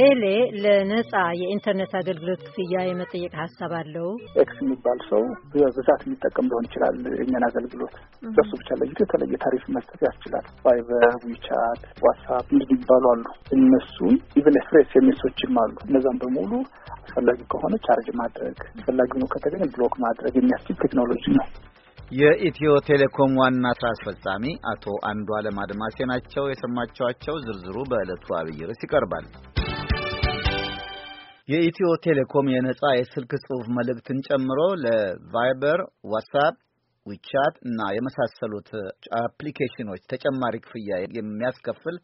ቴሌ ለነጻ የኢንተርኔት አገልግሎት ክፍያ የመጠየቅ ሀሳብ አለው። ኤክስ የሚባል ሰው በብዛት የሚጠቀም ሊሆን ይችላል። የኛን አገልግሎት በሱ ብቻ ለይቶ የተለየ ታሪፍ መስጠት ያስችላል። ቫይበር፣ ዊቻት፣ ዋትሳፕ እንዲህ ይባሉ አሉ። እነሱም ኢቨን ኤክስፕሬስ የሚሶችም አሉ። እነዛም በሙሉ አስፈላጊ ከሆነ ቻርጅ ማድረግ አስፈላጊ ነው ከተገኘ ብሎክ ማድረግ የሚያስችል ቴክኖሎጂ ነው። የኢትዮ ቴሌኮም ዋና ስራ አስፈጻሚ አቶ አንዱ አለም አድማሴ ናቸው የሰማችኋቸው። ዝርዝሩ በዕለቱ አብይ ርዕስ ይቀርባል። የኢትዮ ቴሌኮም የነጻ የስልክ ጽሑፍ መልእክትን ጨምሮ ለቫይበር፣ ዋትሳፕ፣ ዊቻት እና የመሳሰሉት አፕሊኬሽኖች ተጨማሪ ክፍያ የሚያስከፍል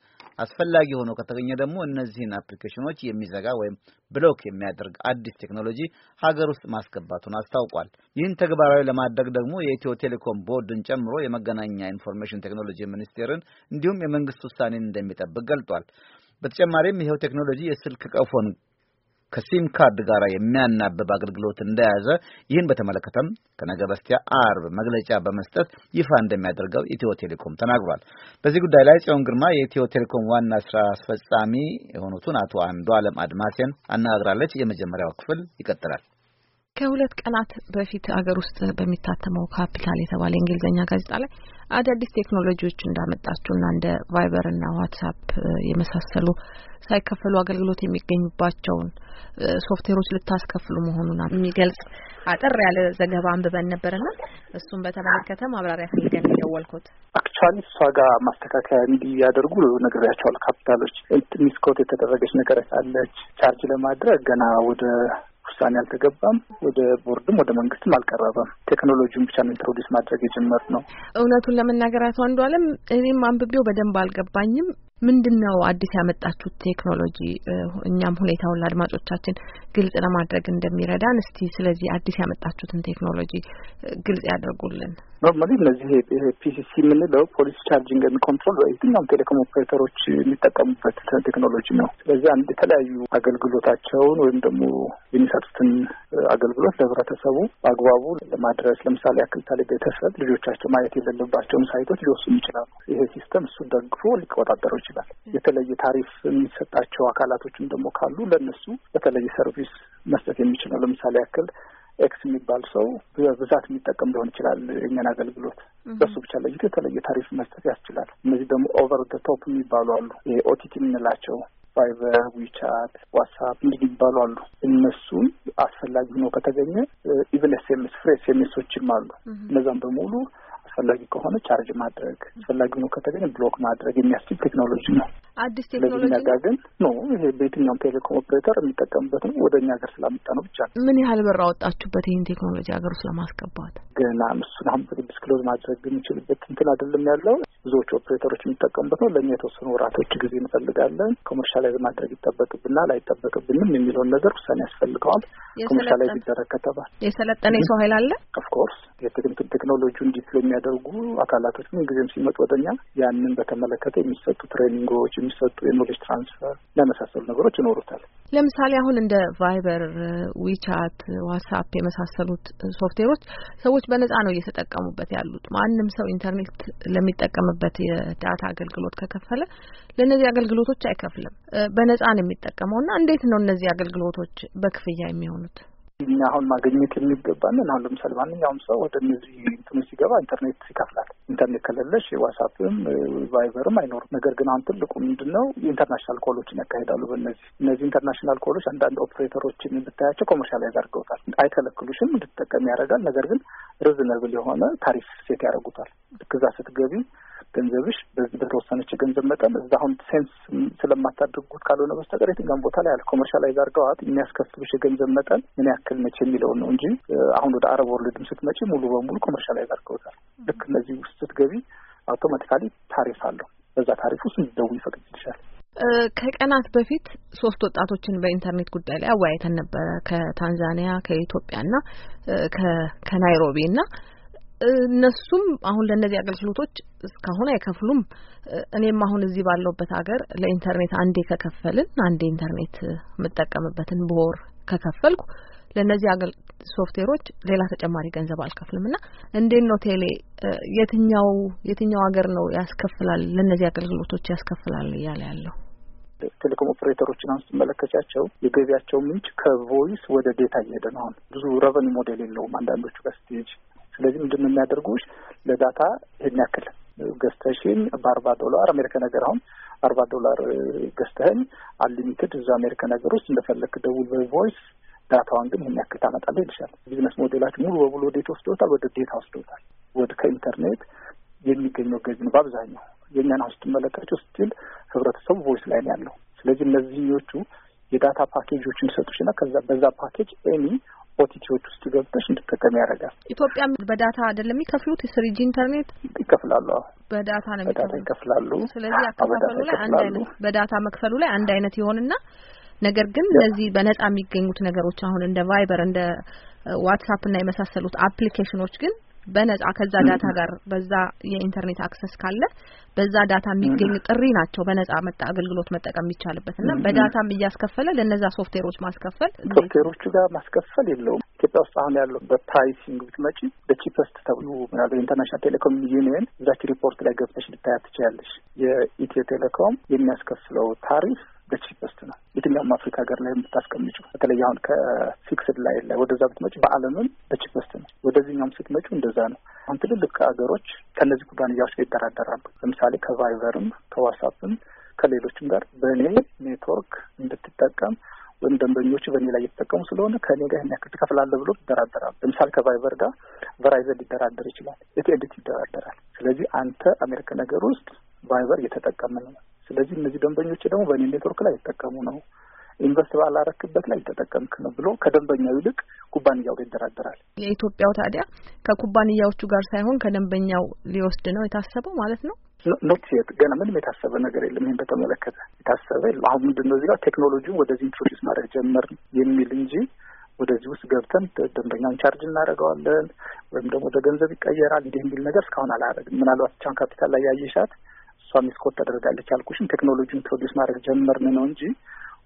አስፈላጊ ሆኖ ከተገኘ ደግሞ እነዚህን አፕሊኬሽኖች የሚዘጋ ወይም ብሎክ የሚያደርግ አዲስ ቴክኖሎጂ ሀገር ውስጥ ማስገባቱን አስታውቋል። ይህን ተግባራዊ ለማድረግ ደግሞ የኢትዮ ቴሌኮም ቦርድን ጨምሮ የመገናኛ ኢንፎርሜሽን ቴክኖሎጂ ሚኒስቴርን እንዲሁም የመንግስት ውሳኔን እንደሚጠብቅ ገልጧል። በተጨማሪም ይኸው ቴክኖሎጂ የስልክ ቀፎን ከሲም ካርድ ጋር የሚያናብብ አገልግሎት እንደያዘ ይህን በተመለከተም ከነገ በስቲያ አርብ መግለጫ በመስጠት ይፋ እንደሚያደርገው ኢትዮ ቴሌኮም ተናግሯል። በዚህ ጉዳይ ላይ ጽዮን ግርማ የኢትዮ ቴሌኮም ዋና ስራ አስፈጻሚ የሆኑትን አቶ አንዱ አለም አድማሴን አነጋግራለች። የመጀመሪያው ክፍል ይቀጥላል። ከሁለት ቀናት በፊት ሀገር ውስጥ በሚታተመው ካፒታል የተባለ የእንግሊዝኛ ጋዜጣ ላይ አዳዲስ ቴክኖሎጂዎች እንዳመጣችሁና እንደ ቫይበር እና ዋትሳፕ የመሳሰሉ ሳይከፈሉ አገልግሎት የሚገኙባቸውን ሶፍትዌሮች ልታስከፍሉ መሆኑን የሚገልጽ አጠር ያለ ዘገባ አንብበን ነበርና እሱን በተመለከተ ማብራሪያ ፈልገን የደወልኩት አክቹዋሊ እሷ ጋር ማስተካከያ እንዲያደርጉ ነግሬያቸዋል። ካፒታሎች ሚስኮት የተደረገች ነገር አለች። ቻርጅ ለማድረግ ገና ወደ ውሳኔ አልተገባም። ወደ ቦርድም ወደ መንግስትም አልቀረበም። ቴክኖሎጂውን ብቻ ነው ኢንትሮዲስ ማድረግ ነው። እውነቱን ለመናገር አቶ አንዱ አለም እኔም አንብቤው በደንብ አልገባኝም። ምንድን ነው አዲስ ያመጣችሁት ቴክኖሎጂ እኛም ሁኔታውን ለአድማጮቻችን ግልጽ ለማድረግ እንደሚረዳን እስቲ ስለዚህ አዲስ ያመጣችሁትን ቴክኖሎጂ ግልጽ ያደርጉልን። ኖርማሊ እነዚህ ፒሲሲ የምንለው ፖሊስ ቻርጅንግ ን ኮንትሮል የትኛውም ቴሌኮም ኦፕሬተሮች የሚጠቀሙበት ቴክኖሎጂ ነው። ስለዚህ አንድ የተለያዩ አገልግሎታቸውን ወይም ደግሞ የሚሰጡትን አገልግሎት ለህብረተሰቡ በአግባቡ ለማድረስ ለምሳሌ ያክል ታሌ ቤተሰብ ልጆቻቸው ማየት የሌለባቸውን ሳይቶች ሊወስኑ ይችላሉ። ይሄ ሲስተም እሱን ደግፎ ሊቆጣጠረው ይችላል። የተለየ ታሪፍ የሚሰጣቸው አካላቶችም ደግሞ ካሉ ለእነሱ በተለየ ሰርቪስ መስጠት የሚችል ነው። ለምሳሌ ያክል ኤክስ የሚባል ሰው በብዛት የሚጠቀም ሊሆን ይችላል የኛን አገልግሎት በሱ ብቻ ለይቶ የተለየ ታሪፍ መስጠት ያስችላል። እነዚህ ደግሞ ኦቨር ደ ቶፕ የሚባሉ አሉ። ኦቲቲ የምንላቸው ቫይበር፣ ዊቻት፣ ዋትሳፕ እንዲህ የሚባሉ አሉ። እነሱን አስፈላጊ ሆኖ ከተገኘ ኢቨን ኤስ ኤም ኤስ ፍሬ ኤስ ኤም ኤሶችም አሉ። እነዛም በሙሉ አስፈላጊ ከሆነ ቻርጅ ማድረግ አስፈላጊ ሆኖ ከተገኘ ብሎክ ማድረግ የሚያስችል ቴክኖሎጂ ነው። አዲስ ቴክኖሎጂ ነጋ ግን ኖ ይሄ በየትኛውም ቴሌኮም ኦፕሬተር የሚጠቀምበት ነው። ወደ እኛ ሀገር ስላመጣ ነው ብቻ ምን ያህል ብር አወጣችሁበት ይህን ቴክኖሎጂ ሀገር ውስጥ ለማስገባት? ግን እሱን አሁን ዲስክሎዝ ማድረግ የሚችልበት እንትን አይደለም ያለው። ብዙዎቹ ኦፕሬተሮች የሚጠቀሙበት ነው። ለእኛ የተወሰኑ ወራቶች ጊዜ እንፈልጋለን። ኮመርሻላይዝ ማድረግ ይጠበቅብናል አይጠበቅብንም የሚለውን ነገር ውሳኔ ያስፈልገዋል። ኮመርሻላይዝ ይደረግ የሰለጠነ የሰው ኃይል አለ። ኦፍኮርስ ቴክኖሎጂውን ዲፕሎይ የሚያደርጉ አካላቶች ምን ጊዜም ሲመጡ ወደኛ ያንን በተመለከተ የሚሰጡ ትሬኒንጎች፣ የሚሰጡ የኖሌጅ ትራንስፈር ለመሳሰሉ ነገሮች ይኖሩታል። ለምሳሌ አሁን እንደ ቫይበር፣ ዊቻት፣ ዋትሳፕ የመሳሰሉት ሶፍትዌሮች ሰዎች በነጻ ነው እየተጠቀሙበት ያሉት። ማንም ሰው ኢንተርኔት ለሚጠቀምበት የዳታ አገልግሎት ከከፈለ ለእነዚህ አገልግሎቶች አይከፍልም፣ በነጻ ነው የሚጠቀመው እና እንዴት ነው እነዚህ አገልግሎቶች በክፍያ የሚሆኑት? እኛ አሁን ማገኘት የሚገባንን አሁን ለምሳሌ ማንኛውም ሰው ወደ እነዚህ እንትኖች ሲገባ ኢንተርኔት ይከፍላል። ኢንተርኔት ከሌለሽ ዋትሳፕም ቫይበርም አይኖርም። ነገር ግን አሁን ትልቁ ምንድን ነው የኢንተርናሽናል ኮሎችን ያካሄዳሉ። በእነዚህ እነዚህ ኢንተርናሽናል ኮሎች አንዳንድ ኦፕሬተሮችን የምታያቸው ኮመርሻላይዝ አድርገውታል። አይከለክሉሽም፣ እንድትጠቀም ያደርጋል። ነገር ግን ሪዝነብል የሆነ ታሪፍ ሴት ያደርጉታል። ልክ እዛ ስትገቢ ገንዘብሽ በዚህ በተወሰነች ገንዘብ መጠን እዛ አሁን ሴንስ ስለማታደርጉት ካልሆነ በስተቀር የትኛውም ቦታ ላይ ያለ ኮመርሻላይዝ አድርገዋት የሚያስከፍሉሽ የገንዘብ መጠን ምን ያክል ነች የሚለውን ነው እንጂ አሁን ወደ አረብ ወርልድም ስትመጪ ሙሉ በሙሉ ኮመርሻላይዝ አድርገውታል። ልክ እነዚህ ውስጥ ስትገቢ አውቶማቲካሊ ታሪፍ አለው። በዛ ታሪፍ ውስጥ እንዲደውል ይፈቅድልሻል። ከቀናት በፊት ሶስት ወጣቶችን በኢንተርኔት ጉዳይ ላይ አወያይተን ነበረ። ከታንዛኒያ፣ ከኢትዮጵያ እና ከናይሮቢ እና እነሱም አሁን ለእነዚህ አገልግሎቶች እስካሁን አይከፍሉም። እኔም አሁን እዚህ ባለውበት ሀገር ለኢንተርኔት አንዴ ከከፈልን አንዴ ኢንተርኔት የምጠቀምበትን በወር ከከፈልኩ ለእነዚህ አገል ሶፍትዌሮች ሌላ ተጨማሪ ገንዘብ አልከፍልም እና እንዴት ነው ቴሌ የትኛው የትኛው ሀገር ነው ያስከፍላል ለእነዚህ አገልግሎቶች ያስከፍላል እያለ ያለው? ቴሌኮም ኦፕሬተሮችን አሁን ስትመለከቻቸው የገቢያቸው ምንጭ ከቮይስ ወደ ዴታ እየሄደ ነው። አሁን ብዙ ረቨኒ ሞዴል የለውም። አንዳንዶቹ ጋር ስቴጅ፣ ስለዚህ ምንድን ነው የሚያደርጉሽ ለዳታ ይሄን ያክል ገዝተሽኝ በአርባ ዶላር አሜሪካ ነገር አሁን አርባ ዶላር ገዝተህኝ አንሊሚትድ እዛ አሜሪካ ነገር ውስጥ እንደፈለግ ደውል በቮይስ ዳታዋን ግን ይህን ያክል ታመጣለህ ይልሻል። ቢዝነስ ሞዴላችን ሙሉ በሙሉ ወዴት ወስዶታል? ወደ ዴታ ወስዶታል። ወደ ከኢንተርኔት የሚገኘው ገቢ ነው በአብዛኛው። የእኛን አሁን ስትመለከችው ስትል ህብረተሰቡ ቮይስ ላይ ነው ያለው። ስለዚህ እነዚህኞቹ የዳታ ፓኬጆችን ይሰጡሽና ከዛ በዛ ፓኬጅ ኤኒ ኦቲቲዎች ውስጥ ገብተሽ እንድጠቀም ያደርጋል። ኢትዮጵያ በዳታ አይደለም የሚከፍሉት ስሪጂ ኢንተርኔት ይከፍላሉ። በዳታ ነው የሚከፍሉ ይከፍላሉ። ስለዚህ አከፋፈሉ ላይ አንድ አይነት በዳታ መክፈሉ ላይ አንድ አይነት ይሆንና ነገር ግን እነዚህ በነጻ የሚገኙት ነገሮች አሁን እንደ ቫይበር እንደ ዋትሳፕ እና የመሳሰሉት አፕሊኬሽኖች ግን በነጻ ከዛ ዳታ ጋር በዛ የኢንተርኔት አክሰስ ካለ በዛ ዳታ የሚገኝ ጥሪ ናቸው በነጻ መጣ አገልግሎት መጠቀም የሚቻልበት እና በዳታም እያስከፈለ ለነዛ ሶፍትዌሮች ማስከፈል ሶፍትዌሮቹ ጋር ማስከፈል የለውም። ኢትዮጵያ ውስጥ አሁን ያለው በፕራይሲንግ ብትመጪ በቺፐስት ተብሎ ምናልባት ኢንተርናሽናል ቴሌኮም ዩኒየን እዛች ሪፖርት ላይ ገብተሽ ልታያት ትችላለሽ። የኢትዮ ቴሌኮም የሚያስከፍለው ታሪፍ በቺፐስት ነው። የትኛውም አፍሪካ ሀገር ላይ የምታስቀምጩ በተለይ አሁን ከፊክስድ ላይ ላይ ወደዛ ብትመጪ በዓለምም በቺፐስት ነው። ወደዚህኛውም ስትመጪ እንደዛ ነው። አሁን ትልልቅ ሀገሮች ከእነዚህ ኩባንያዎች ጋር ይደራደራሉ። ለምሳሌ ከቫይቨርም ከዋትሳፕም ከሌሎችም ጋር በእኔ ኔትወርክ እንድትጠቀም ወይም ደንበኞቹ በእኔ ላይ እየተጠቀሙ ስለሆነ ከእኔ ጋር የሚያክል ትከፍላለህ ብሎ ይደራደራሉ። ለምሳሌ ከቫይቨር ጋር ቨራይዘን ሊደራደር ይችላል። የት ይደራደራል። ስለዚህ አንተ አሜሪካ ነገር ውስጥ ቫይበር እየተጠቀምን ነው። ስለዚህ እነዚህ ደንበኞች ደግሞ በእኔ ኔትወርክ ላይ የተጠቀሙ ነው፣ ኢንቨስት ባላረክበት ላይ የተጠቀምክ ነው ብሎ ከደንበኛው ይልቅ ኩባንያው ጋር ይደራደራል። የኢትዮጵያው ታዲያ ከኩባንያዎቹ ጋር ሳይሆን ከደንበኛው ሊወስድ ነው የታሰበው ማለት ነው። ኖት የት ገና ምንም የታሰበ ነገር የለም። ይህን በተመለከተ የታሰበ የለም። አሁን ምንድን ነው እዚህ ጋር ቴክኖሎጂውን ወደዚህ ኢንትሮዲስ ማድረግ ጀመር የሚል እንጂ ወደዚህ ውስጥ ገብተን ደንበኛውን ቻርጅ እናደርገዋለን ወይም ደግሞ ወደ ገንዘብ ይቀየራል እንዲህ የሚል ነገር እስካሁን አላደረግም። ምናልባት ቻን ካፒታል ላይ ያየሻት እሷ ሚስኮት ተደርጋለች አልኩሽም። ቴክኖሎጂን ፕሮዲስ ማድረግ ጀመርን ነው እንጂ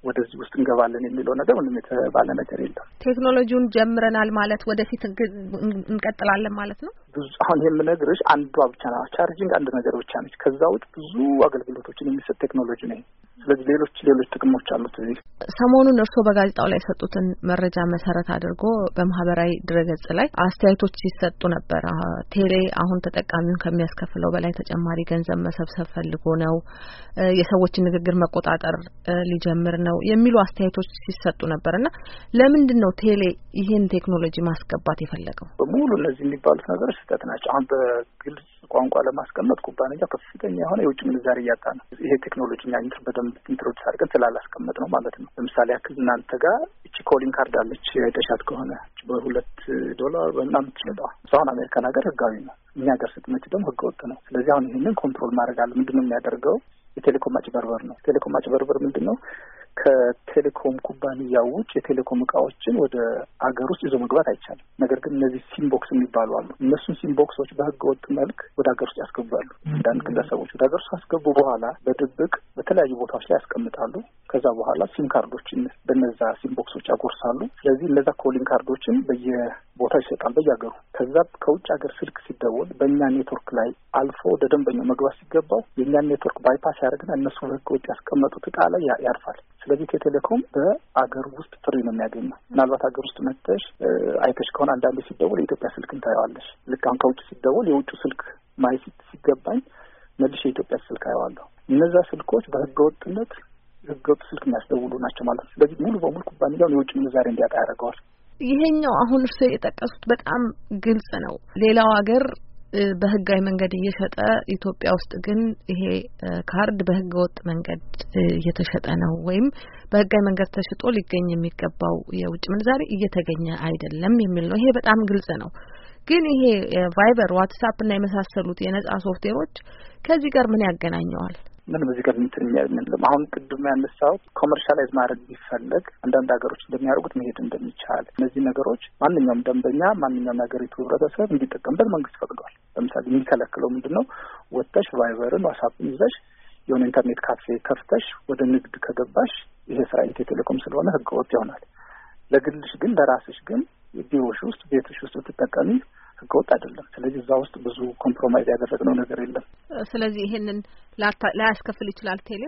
ወደዚህ ውስጥ እንገባለን የሚለው ነገር ምንም የተባለ ነገር የለም። ቴክኖሎጂውን ጀምረናል ማለት ወደፊት እንቀጥላለን ማለት ነው። ብዙ አሁን የምነግርሽ አንዷ ብቻ ና ቻርጅንግ አንድ ነገር ብቻ ነች። ከዛ ውጭ ብዙ አገልግሎቶችን የሚሰጥ ቴክኖሎጂ ነው። ስለዚህ ሌሎች ሌሎች ጥቅሞች አሉት። እዚህ ሰሞኑን እርስዎ በጋዜጣው ላይ የሰጡትን መረጃ መሰረት አድርጎ በማህበራዊ ድረገጽ ላይ አስተያየቶች ሲሰጡ ነበር። ቴሌ አሁን ተጠቃሚውን ከሚያስከፍለው በላይ ተጨማሪ ገንዘብ መሰብሰብ ፈልጎ ነው፣ የሰዎችን ንግግር መቆጣጠር ሊጀምር ነው የሚሉ አስተያየቶች ሲሰጡ ነበር እና ለምንድን ነው ቴሌ ይህን ቴክኖሎጂ ማስገባት የፈለገው? በሙሉ እነዚህ የሚባሉት ነገሮች ስህተት ናቸው። አሁን በግልጽ ቋንቋ ለማስቀመጥ ኩባንያ ከፍተኛ የሆነ የውጭ ምንዛሪ እያጣ ነው። ይሄ ቴክኖሎጂ እኛ በደንብ ኢንትሮዲስ አድርገን ስላላስቀመጥ ነው ማለት ነው። ለምሳሌ ያክል እናንተ ጋር እቺ ኮሊንግ ካርድ አለች የተሻት ከሆነ በሁለት ዶላር በምናምን ትሸጠዋል። አሁን አሜሪካን ሀገር ህጋዊ ነው፣ እኛ ሀገር ስትመጪ ደግሞ ወጥ ነው። ስለዚህ አሁን ይህንን ኮንትሮል ማድረግ አለ። ምንድን ነው የሚያደርገው? የቴሌኮም አጭበርበር ነው። ቴሌኮም አጭበርበር ምንድን ነው? ከቴሌኮም ኩባንያ ውጭ የቴሌኮም እቃዎችን ወደ አገር ውስጥ ይዞ መግባት አይቻልም። ነገር ግን እነዚህ ሲምቦክስ የሚባሉ አሉ። እነሱን ሲምቦክሶች በህገወጥ መልክ ወደ ሀገር ውስጥ ያስገባሉ። አንዳንድ ግለሰቦች ወደ ሀገር ውስጥ ካስገቡ በኋላ በድብቅ በተለያዩ ቦታዎች ላይ ያስቀምጣሉ። ከዛ በኋላ ሲም ካርዶችን በነዛ ሲምቦክሶች ያጎርሳሉ። ስለዚህ እነዛ ኮሊንግ ካርዶችን በየቦታው ይሰጣል በየሀገሩ። ከዛ ከውጭ ሀገር ስልክ ሲደወል በእኛ ኔትወርክ ላይ አልፎ ወደ ደንበኛው መግባት ሲገባው የእኛን ኔትወርክ ባይፓስ ያደርግና እነሱ በህገወጥ ያስቀመጡት እቃ ላይ ያርፋል። ስለዚህ ቴሌኮም በአገር ውስጥ ጥሪ ነው የሚያገኘው። ምናልባት አገር ውስጥ መጥተሽ አይተሽ ከሆነ አንዳንዴ ሲደውል የኢትዮጵያ ስልክ እንታየዋለሽ። ልክ አሁን ከውጭ ሲደውል የውጭ ስልክ ማየት ሲገባኝ መልሽ የኢትዮጵያ ስልክ አየዋለሁ። እነዛ ስልኮች በህገወጥነት ወጥ ስልክ የሚያስደውሉ ናቸው ማለት ነው። ስለዚህ ሙሉ በሙሉ ኩባንያውን የውጭ ምንዛሬ እንዲያጣ ያደርገዋል። ይሄኛው አሁን እርስዎ የጠቀሱት በጣም ግልጽ ነው። ሌላው ሀገር በህጋዊ መንገድ እየሸጠ ኢትዮጵያ ውስጥ ግን ይሄ ካርድ በህገ ወጥ መንገድ እየተሸጠ ነው ወይም በህጋዊ መንገድ ተሽጦ ሊገኝ የሚገባው የውጭ ምንዛሬ እየተገኘ አይደለም የሚል ነው። ይሄ በጣም ግልጽ ነው። ግን ይሄ ቫይበር፣ ዋትስአፕ እና የመሳሰሉት የነጻ ሶፍትዌሮች ከዚህ ጋር ምን ያገናኘዋል? ምን ሙዚቃ እንትን የሚያለም አሁን ቅድም ያነሳሁት ኮመርሻላይዝ ማድረግ ቢፈለግ አንዳንድ ሀገሮች እንደሚያደርጉት መሄድ እንደሚቻል እነዚህ ነገሮች ማንኛውም ደንበኛ ማንኛውም ሀገሪቱ ህብረተሰብ እንዲጠቀምበት መንግስት ፈቅዷል። ለምሳሌ የሚከለክለው ምንድን ነው? ወጥተሽ ቫይበርን ዋሳፕን ይዘሽ የሆነ ኢንተርኔት ካፌ ከፍተሽ ወደ ንግድ ከገባሽ ይሄ ስራ ኢትዮ ቴሌኮም ስለሆነ ህገወጥ ይሆናል። ለግልሽ ግን ለራስሽ ግን ቢሮሽ ውስጥ ቤትሽ ውስጥ ብትጠቀሚ ህገወጥ አይደለም። ስለዚህ እዛ ውስጥ ብዙ ኮምፕሮማይዝ ያደረግነው ነገር የለም። ስለዚህ ይሄንን ላያስከፍል ይችላል ቴሌ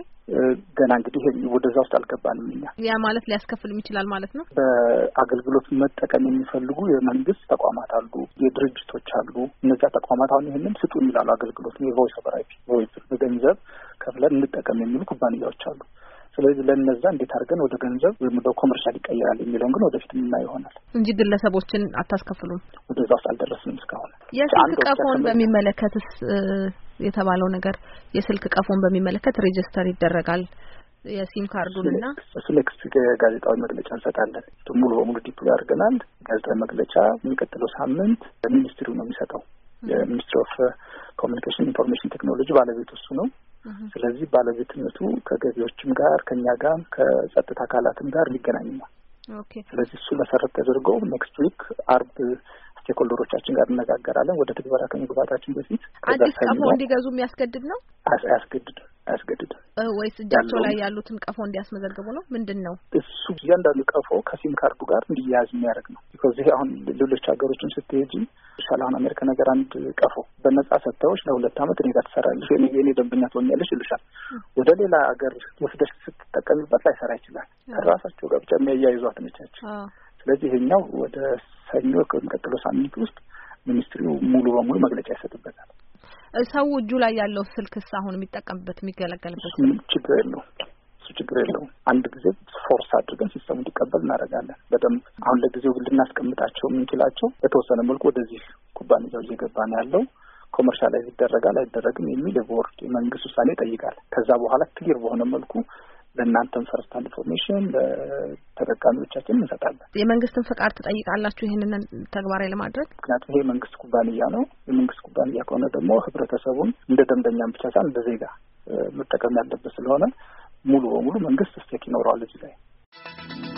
ገና እንግዲህ ወደዛ ውስጥ አልገባንም እኛ። ያ ማለት ሊያስከፍልም ይችላል ማለት ነው። በአገልግሎት መጠቀም የሚፈልጉ የመንግስት ተቋማት አሉ፣ የድርጅቶች አሉ። እነዚያ ተቋማት አሁን ይህንን ስጡን ይላሉ። አገልግሎት የቮይስ ኦቨር አይፒ ቮይስ በገንዘብ ከፍለን እንጠቀም የሚሉ ኩባንያዎች አሉ። ስለዚህ ለነዛ እንዴት አድርገን ወደ ገንዘብ ወይም ወደ ኮመርሻል ይቀየራል የሚለውን ግን ወደፊት ምና ይሆናል እንጂ ግለሰቦችን አታስከፍሉም። ወደዛ ውስጥ አልደረስንም እስካሁን። የስልክ ቀፎን በሚመለከትስ የተባለው ነገር የስልክ ቀፎን በሚመለከት ሬጅስተር ይደረጋል። የሲም ካርዱን እና ስልክስ ጋዜጣዊ መግለጫ እንሰጣለን። ሙሉ በሙሉ ዲፕሎ ያድርገናል። ጋዜጣዊ መግለጫ የሚቀጥለው ሳምንት ሚኒስትሩ ነው የሚሰጠው። የሚኒስትሪ ኦፍ ኮሚኒኬሽን ኢንፎርሜሽን ቴክኖሎጂ ባለቤት እሱ ነው። ስለዚህ ባለቤትነቱ ከገቢዎችም ጋር ከእኛ ጋር ከጸጥታ አካላትም ጋር ሊገናኝ ነው። ስለዚህ እሱ መሰረት ተደርገው ኔክስት ዊክ አርብ ስቴክሆልደሮቻችን ጋር እነጋገራለን። ወደ ትግበራ ከመግባታችን በፊት አዲስ ቀፎ እንዲገዙ የሚያስገድድ ነው አያስገድድም። አያስገድድም ወይስ እጃቸው ላይ ያሉትን ቀፎ እንዲያስመዘግቡ ነው? ምንድን ነው እሱ? እያንዳንዱ ቀፎ ከሲም ካርዱ ጋር እንዲያያዝ የሚያደርግ ነው። ይሄ አሁን ሌሎች ሀገሮችን ስትሄጂ ሻል አሁን አሜሪካ ነገር አንድ ቀፎ በነጻ ሰጥተዎች ለሁለት አመት እኔ ጋር ትሰራለሽ የኔ ደንበኛ ትሆኛለች ይሉሻል። ወደ ሌላ ሀገር ወስደሽ ስትጠቀሚበት ላይሰራ ይችላል። ከራሳቸው ጋር ብቻ የሚያያይዟት ነቻቸው። ስለዚህ ይሄኛው ወደ ሰኞ ከሚቀጥለው ሳምንት ውስጥ ሚኒስትሪው ሙሉ በሙሉ መግለጫ ይሰጥበታል። ሰው እጁ ላይ ያለው ስልክስ አሁን የሚጠቀምበት የሚገለገልበት ችግር የለው እሱ ችግር የለውም። አንድ ጊዜ ፎርስ አድርገን ሲስተሙ እንዲቀበል እናደርጋለን። በደንብ አሁን ለጊዜው ልናስቀምጣቸው የምንችላቸው በተወሰነ መልኩ ወደዚህ ኩባንያው እየገባ ነው ያለው ኮመርሻላይዝ ይደረጋል አይደረግም የሚል የቦርድ የመንግስት ውሳኔ ይጠይቃል። ከዛ በኋላ ክሊር በሆነ መልኩ ለእናንተም ፈርስት ኢንፎርሜሽን ለተጠቃሚዎቻችን እንሰጣለን። የመንግስትን ፈቃድ ትጠይቃላችሁ ይህንን ተግባራዊ ለማድረግ? ምክንያቱም ይሄ የመንግስት ኩባንያ ነው። የመንግስት ኩባንያ ከሆነ ደግሞ ህብረተሰቡን እንደ ደንበኛም ብቻ ሳይሆን እንደ ዜጋ መጠቀም ያለበት ስለሆነ ሙሉ በሙሉ መንግስት ስቴክ ይኖረዋል እዚህ ላይ